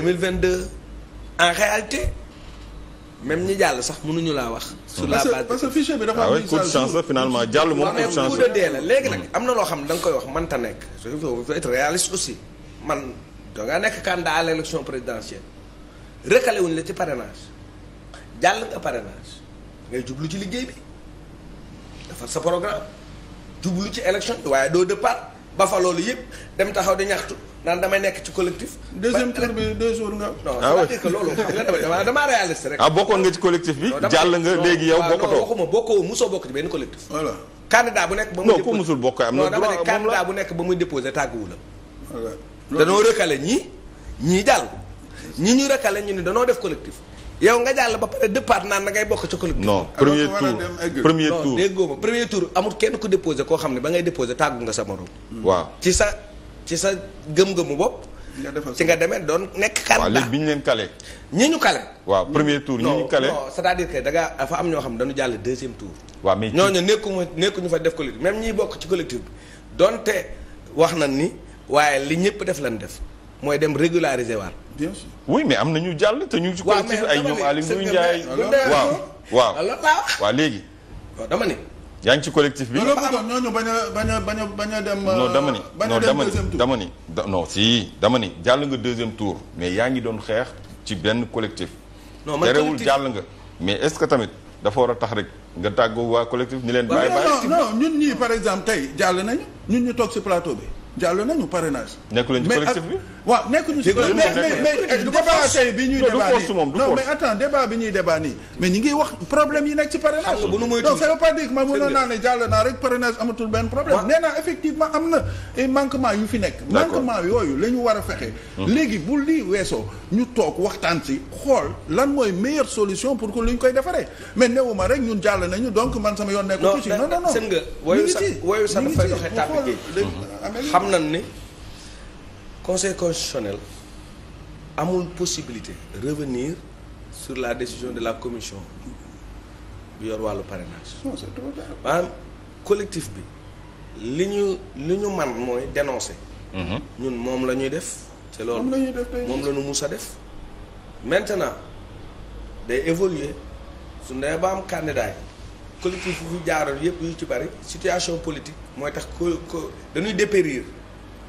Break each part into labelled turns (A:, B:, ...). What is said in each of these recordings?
A: mille 2022 en réalité même ñi jàll sax mënuñu laa wax. su la base parce que fichier
B: bi dafa ah am coup de chance la finalement jàll moom coup chance la
A: léegi nag hmm. am na loo xam ne da koy wax mënta nekk. je veux aussi man dangaa nekk candidat à l' élection présidentielle recalé wuñ la ci parrainage jàll nga parrainage ngay jublu ci liggéey bi defar sa programme jublu ci élection waaye doo départ ba fa loolu yëpp dem taxaw di ñaxtu. naan damay nekk ci collectif. deuxième tour bi deux jours nga. ah oui non loolu damaa réaliste rek. ah bokkoon nga ci collectif bi. jàll nga léegi yow bokkatoo waxuma bokkoo musoo bokk ci benn collectif. voilà candidat bu nekk ba muy. non ku musul bokk am na droit moom la candidat bu nekk ba muy tàgguwu la. danoo recalé ñii ñii jàll. ñi ñu recalé ñu ni danoo def collectif. yow nga jàll ba pare départ naan na ngay bokk ci collectif. non premier tour premier tour non kenn ku déposé koo xam ne ba ngay déposé tàggu nga sa morom. waaw ci ci sa gëm-gëmu bopp. ci nga demee doon nekk candidat. waaw léegi bi ñu leen calé. ñi ñu calé. waaw premier tour ñi ñu calé non c'est-à-dire dafa am ñoo xam ne dañu jàll deuxième tour. waaw mais ñooñu nekkuñu nekkuñu fa def collectif même ñiy bokk ci collectif bi donte wax na ni waaye li ñëpp def lan def mooy dem régulariser waat. bien sûr oui mais am na ñu jàll te ñu ngi ci collectif ay ñoom Aliou Ndiaye waaw waaw
B: waaw léegi. dama ni. yaa ngi ci collectif bi loolu bëggoon ñooñu bañ a bañ a bañ a bañ a dem. non euh, dama ni non dama ni dama ni si dama jàll nga deuxième tour mais yaa ngi doon xeex ci benn collectif. non man terewul jàll nga mais est-ce que tamit dafa war a tax rek nga tàggoo waa collectif. ni leen bàyyi bàyyi non non ñun ñii par exemple tey jàll nañu ñun ñu toog ci plateau bi. jàll nañu parrainage. nekkul ñu ci collectif bi waaw nekkuñu ci collectif mais débat tey bi ñuy débat nii non mais attends débat bi ñuy débat nii mais ñi ngi wax problème yi nekk ci parrainage donc ça veut pas dire que ma mënoon naa yooyu la ñu war a fexe léegi bu lii weesoo ñu toog waxtaan ci xool lan mooy meilleure solution pour que lu ñu koy defaree mais newuma rek ñun jàll nañu donc man sama yoon nekkul ci non non non seen nga wayu sax wayu sax dafay doxee
A: tàbbi xam na ne conseil constitutionnel amul possibilité revenir sur la décision de la commission bi yor wàllu parrainage. non c'est trop tard. maanaam collectif bi li ñu li ñu man mooy dénoncer. Mhm. ñun moom la ñuy def. ci loolu moom la
B: ñuy def tey moom la ñu
A: mus a def. maintenant day évoluer su ndee ba am candidat yi. collectif yu jaaroon yëpp yu ci bari situation politique mooy tax ko ko dañuy dépérir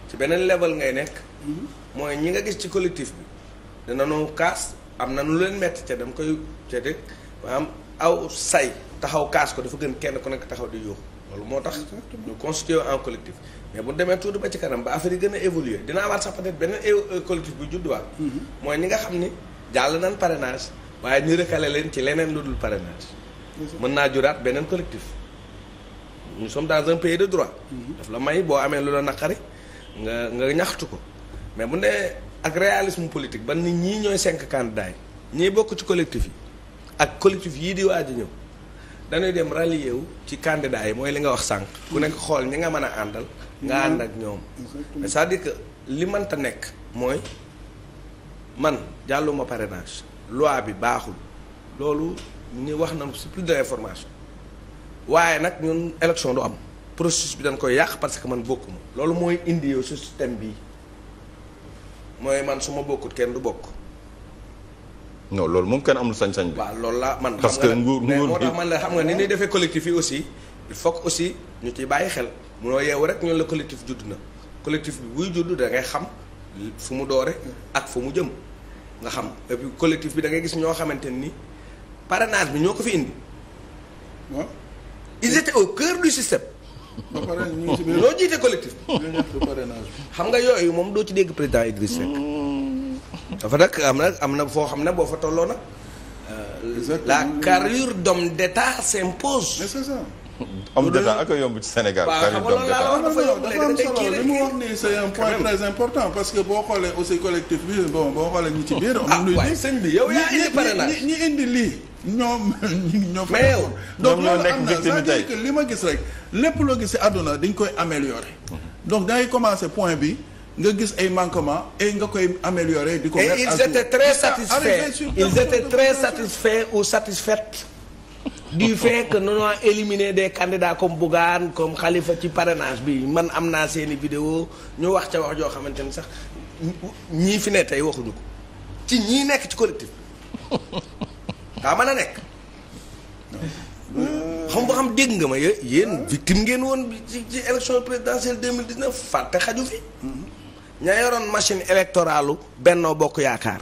A: ci beneen level ngay nekk mm-hmm. mooy ñi nga gis ci collectif bi dananu kaas am na nu leen metti ca dama koy ca dëkk maanaam aw say taxaw kaas ko dafa gën kenn ku nekk taxaw di yuuxu loolu moo tax ñu constitué en collectif mais bu demee tuuti ba ci kanam ba affaire gën a évoluer dina amaat sax peut-être beneen euh, euh, collectif bu judduwaat mm-hmm. mooy ñi nga xam ni jàll nañ parrainage waaye ñu recalé leen ci leneen lu dul parrainage mën naa juraat beneen collectif nous sommes dans un pays de droit mhm. daf la may boo amee lu la naqari nga nga ñaxtu ko mais mun ne ak réalisme politique ba nit ñii ñooy cinq candidats yi ñiy bokk ci collectif yi ak collectif yii di waaj a ñëw dañuy dem rallier wu ci candidats yi mooy li nga wax sànq bu nekk xool ñi nga mën a àndal nga ànd ak ñoom mais c'est-à-dire que li mënta nekk mooy man jàlluma parrainage loi bi baaxul loolu ni wax na si plus information waaye nag ñun élection du am processus bi dañ koy yàq parce que man bokkuma loolu mooy indi yow si système bi mooy man su ma bokkut kenn du bokk.
B: non loolu moom kenn sañ-sañ bi.
A: loolu la man. parce que nguur
B: nguur moo tax man la xam nga ni ñuy
A: defee collectif yi aussi il faut aussi ñu ciy bàyyi xel munoo yeewu rek ñun la collectif judd na collectif bi buy judd da ngay xam fu mu doore ak fu mu jëm nga xam et puis bi da ngay gis ñoo xamante nii parrainage bi ñoo ko fi indi. waaw ils étaient au cœur du système. ba jiite collectif. xam nga yooyu moom doo ci dégg président Idriss Seck. Mm. dafa nag am na am na foo xam ne boo fa tolloo nag. la carrure d'homme d'État s'impose. mais c'est homme d'état ak a yomb
B: ci li mu wax nii c'est un point que boo xoolee aussi collectif bi bon boo xoolee ci biir. am ah, ñu sëñ bi yow yaa indi parrainage ñi indi lii. ñoom ñoo fa. donc loolu am na c'est-à-dire que li ma gis rek loo gis si àdduna dañ koy améliorer. Mhm. donc dangay commencer point bi. nga gis ay manquements et nga koy améliorer di ko. et ils di très satisfaits ils étaient très
A: satisfaits ou di fait que nous avons éliminé des candidats comme Bougane comme xalifa ci parrainage bi man am naa seeni vidéo ñu wax ca wax joo xamante ni sax ñii fi ne tey waxuñu ko ci ñii nekk ci collectif daa mën a nekk xam ba xam dégg nga ma yéen victime ngeen woon ci ci élection présidentielle 2019 fàtte xaju fi ña yoroon machine électorale u Benno Bokk Yaakaar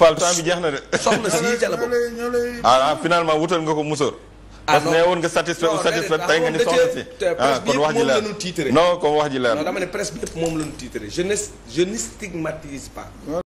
A: Fall temps bi jeex na de. soxna si ca la bokk ah finalement wutal nga ko musóor.
B: Ah, parce que nee woon nga satisfait ou satisfait tey nga ni soxna si. ah kon wax ji leer non kon wax ji leer non dama ne presse
A: bi yëpp moom la ñu je ne stigmatise pas.